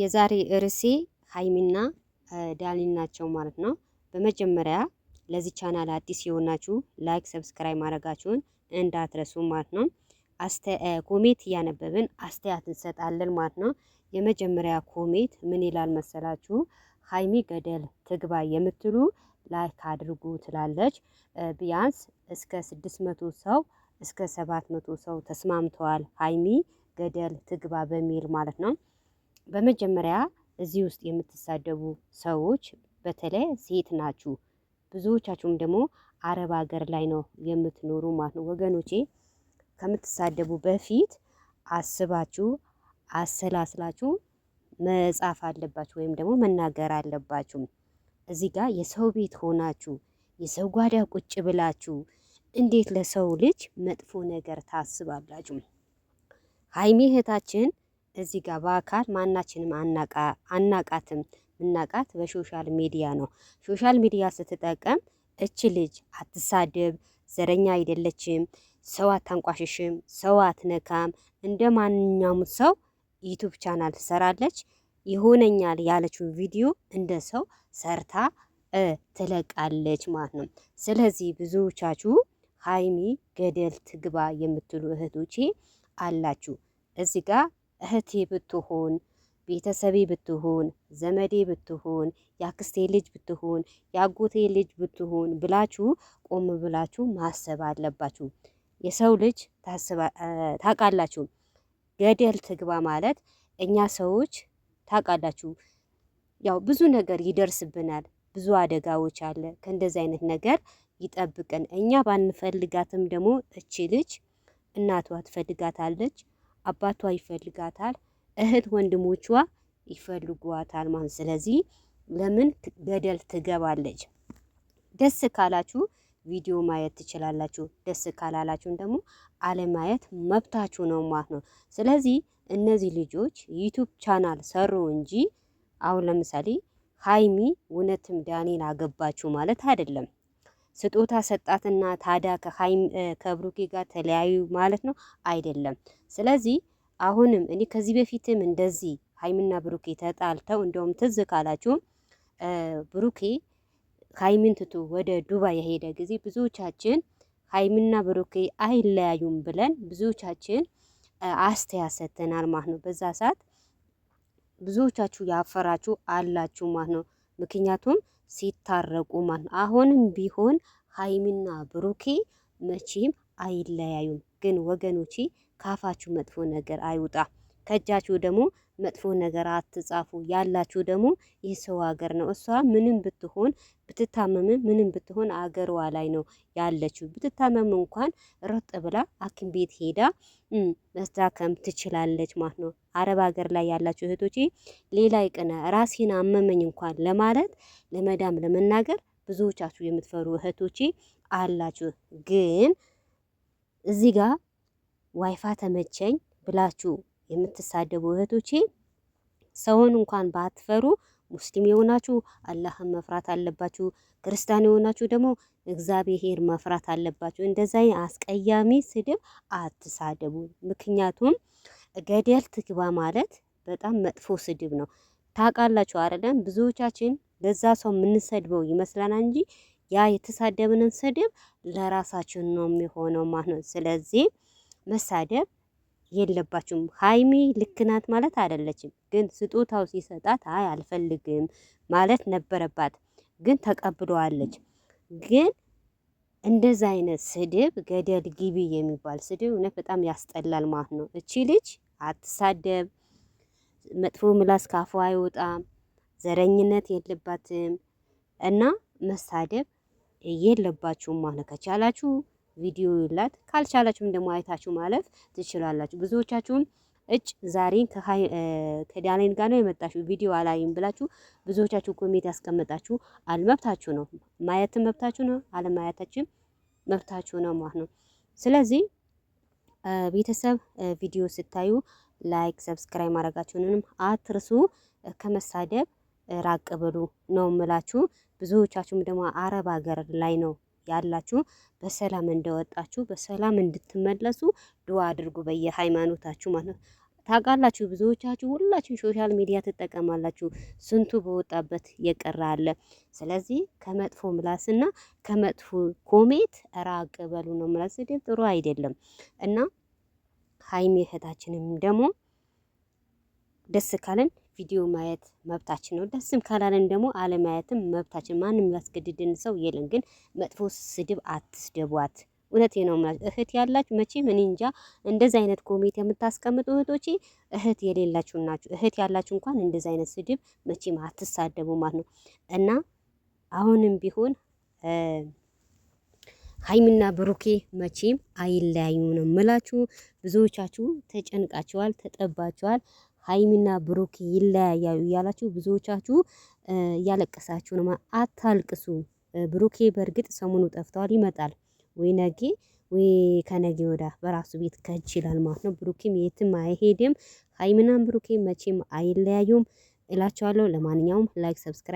የዛሬ ርዕሴ ሀይሚና ዳኒን ናቸው ማለት ነው። በመጀመሪያ ለዚህ ቻናል አዲስ የሆናችሁ ላይክ፣ ሰብስክራይብ ማድረጋችሁን እንዳትረሱ ማለት ነው። ኮሜት እያነበብን አስተያየት እንሰጣለን ማለት ነው። የመጀመሪያ ኮሜት ምን ይላል መሰላችሁ? ሀይሚ ገደል ትግባ የምትሉ ላይክ አድርጉ ትላለች። ቢያንስ እስከ ስድስት መቶ ሰው እስከ ሰባት መቶ ሰው ተስማምተዋል። ሀይሚ ገደል ትግባ በሚል ማለት ነው። በመጀመሪያ እዚህ ውስጥ የምትሳደቡ ሰዎች በተለይ ሴት ናችሁ። ብዙዎቻችሁም ደግሞ አረብ ሀገር ላይ ነው የምትኖሩ ማለት ነው ወገኖቼ። ከምትሳደቡ በፊት አስባችሁ አሰላስላችሁ መጻፍ አለባችሁ ወይም ደግሞ መናገር አለባችሁ። እዚህ ጋር የሰው ቤት ሆናችሁ የሰው ጓዳ ቁጭ ብላችሁ እንዴት ለሰው ልጅ መጥፎ ነገር ታስባላችሁ? ሀይሚ እህታችን እዚህ ጋር በአካል ማናችንም አናቃ አናቃትም። ምናቃት በሶሻል ሚዲያ ነው። ሶሻል ሚዲያ ስትጠቀም እች ልጅ አትሳድብ፣ ዘረኛ አይደለችም፣ ሰው አታንቋሽሽም፣ ሰው አትነካም፣ እንደ ማንኛውም ሰው ዩቱብ ቻናል ትሰራለች። ይሆነኛል ያለችውን ቪዲዮ እንደ ሰው ሰርታ ትለቃለች ማለት ነው። ስለዚህ ብዙዎቻችሁ ሀይሚ ገደል ትግባ የምትሉ እህቶቼ አላችሁ። እዚህ ጋር እህቴ ብትሆን ቤተሰቤ ብትሆን ዘመዴ ብትሆን የአክስቴ ልጅ ብትሆን የአጎቴ ልጅ ብትሆን ብላችሁ ቆም ብላችሁ ማሰብ አለባችሁ። የሰው ልጅ ታውቃላችሁ፣ ገደል ትግባ ማለት እኛ ሰዎች ታውቃላችሁ፣ ያው ብዙ ነገር ይደርስብናል። ብዙ አደጋዎች አለ። ከእንደዚህ አይነት ነገር ይጠብቀን። እኛ ባንፈልጋትም ደግሞ እቺ ልጅ እናቷ ትፈልጋታለች። አባቷ ይፈልጋታል፣ እህት ወንድሞቿ ይፈልጓታል ማለት። ስለዚህ ለምን ገደል ትገባለች? ደስ ካላችሁ ቪዲዮ ማየት ትችላላችሁ። ደስ ካላላችሁን ደግሞ አለማየት መብታችሁ ነው ማለት ነው። ስለዚህ እነዚህ ልጆች ዩቱብ ቻናል ሰሩ እንጂ አሁን ለምሳሌ ሀይሚ እውነትም ዳኒን አገባችሁ ማለት አይደለም። ስጦታ ሰጣትና ታዲያ ከሀይም ከብሩኬ ጋር ተለያዩ ማለት ነው? አይደለም። ስለዚህ አሁንም እኔ ከዚህ በፊትም እንደዚህ ሀይምና ብሩኬ ተጣልተው እንደውም ትዝ ካላችሁም ብሩኬ ሀይምን ትቶ ወደ ዱባይ የሄደ ጊዜ ብዙዎቻችን ሀይምና ብሩኬ አይለያዩም ብለን ብዙዎቻችን አስተያየት ሰጥተናል ማለት ነው። በዛ ሰዓት ብዙዎቻችሁ ያፈራችሁ አላችሁ ማለት ነው። ምክንያቱም ሲታረቁ ማለት አሁንም ቢሆን ሀይሚና ብሩኬ መቼም አይለያዩም። ግን ወገኖቼ ካፋችሁ መጥፎ ነገር አይውጣ። ከእጃችሁ ደግሞ መጥፎ ነገር አትጻፉ። ያላችሁ ደግሞ ይህ ሰው ሀገር ነው። እሷ ምንም ብትሆን ብትታመም ምንም ብትሆን አገሯ ላይ ነው ያለችው። ብትታመም እንኳን ረጥ ብላ ሐኪም ቤት ሄዳ መስታከም ትችላለች ማለት ነው። አረብ ሀገር ላይ ያላችሁ እህቶቼ ሌላ ይቅና ራሴን አመመኝ እንኳን ለማለት ለመዳም ለመናገር ብዙዎቻችሁ የምትፈሩ እህቶቼ አላችሁ። ግን እዚህ ጋር ዋይፋ ተመቸኝ ብላችሁ የምትሳደቡ እህቶቼ ሰውን እንኳን ባትፈሩ ሙስሊም የሆናችሁ አላህን መፍራት አለባችሁ። ክርስቲያን የሆናችሁ ደግሞ እግዚአብሔር መፍራት አለባችሁ። እንደዛ አስቀያሚ ስድብ አትሳደቡ። ምክንያቱም ገደል ትግባ ማለት በጣም መጥፎ ስድብ ነው። ታውቃላችሁ አይደለም? ብዙዎቻችን ለዛ ሰው የምንሰድበው ይመስለናል እንጂ ያ የተሳደብንን ስድብ ለራሳችን ነው የሚሆነው ማለት ነው። ስለዚህ መሳደብ የለባችሁም። ሀይሚ ልክ ናት ማለት አይደለችም፣ ግን ስጦታው ሲሰጣት አይ አልፈልግም ማለት ነበረባት። ግን ተቀብለዋለች። ግን እንደዛ አይነት ስድብ ገደል ግቢ የሚባል ስድብ እውነት በጣም ያስጠላል ማለት ነው። እቺ ልጅ አትሳደብ፣ መጥፎ ምላስ ካፏ አይወጣም፣ ዘረኝነት የለባትም እና መሳደብ የለባችሁም ማለት ከቻላችሁ ቪዲዮ ይላት። ካልቻላችሁም ደግሞ አይታችሁ ማለፍ ትችላላችሁ። ብዙዎቻችሁም እጭ ዛሬን ከዳላይን ጋር ነው የመጣችሁ ቪዲዮ አላይም ብላችሁ ብዙዎቻችሁ ኮሜንት ያስቀመጣችሁ አልመብታችሁ ነው። ማየትም መብታችሁ ነው፣ አለማየታችሁም መብታችሁ ነው ማለት ነው። ስለዚህ ቤተሰብ ቪዲዮ ስታዩ ላይክ፣ ሰብስክራይብ ማድረጋችሁንም አትርሱ። ከመሳደብ ራቅ ብሉ ነው ምላችሁ። ብዙዎቻችሁም ደግሞ አረብ ሀገር ላይ ነው ያላችሁ በሰላም እንደወጣችሁ በሰላም እንድትመለሱ ድዋ አድርጉ በየሃይማኖታችሁ ማለት ነው። ታውቃላችሁ ብዙዎቻችሁ ሁላችሁም ሶሻል ሚዲያ ትጠቀማላችሁ። ስንቱ በወጣበት የቀረ አለ። ስለዚህ ከመጥፎ ምላስና ከመጥፎ ኮሜት ራቅ በሉ ነው። ምላስ ስድብ ጥሩ አይደለም እና ሀይሚ እህታችንም ደግሞ ደስ ካለን ቪዲዮ ማየት መብታችን ነው። ደስም ካላለን ደግሞ አለማየትም መብታችን፣ ማንም ላስገድድን ሰው የለን። ግን መጥፎ ስድብ አትስደቧት። እውነቴ ነው። እህት ያላችሁ መቼም እኔ እንጃ እንደዚህ አይነት ኮሜት የምታስቀምጡ እህቶቼ እህት የሌላችሁ ናችሁ። እህት ያላችሁ እንኳን እንደዚህ አይነት ስድብ መቼም አትሳደቡ ማለት ነው እና አሁንም ቢሆን ሀይሚና ብሩኬ መቼም አይለያዩ ነው የምላችሁ። ብዙዎቻችሁ ተጨንቃችኋል፣ ተጠባችኋል። ሀይሚና ብሩክ ይለያያሉ እያላችሁ ብዙዎቻችሁ እያለቀሳችሁ ነው። አታልቅሱ። ብሩኬ በእርግጥ ሰሞኑ ጠፍተዋል፣ ይመጣል ወይ ነጌ ወይ ከነጌ ወዳ በራሱ ቤት ከጅ ይላል ማለት ነው። ብሩኬም የትም አይሄድም። ሀይሚናም ብሩኬ መቼም አይለያዩም እላቸዋለሁ። ለማንኛውም ላይክ፣ ሰብስክራይብ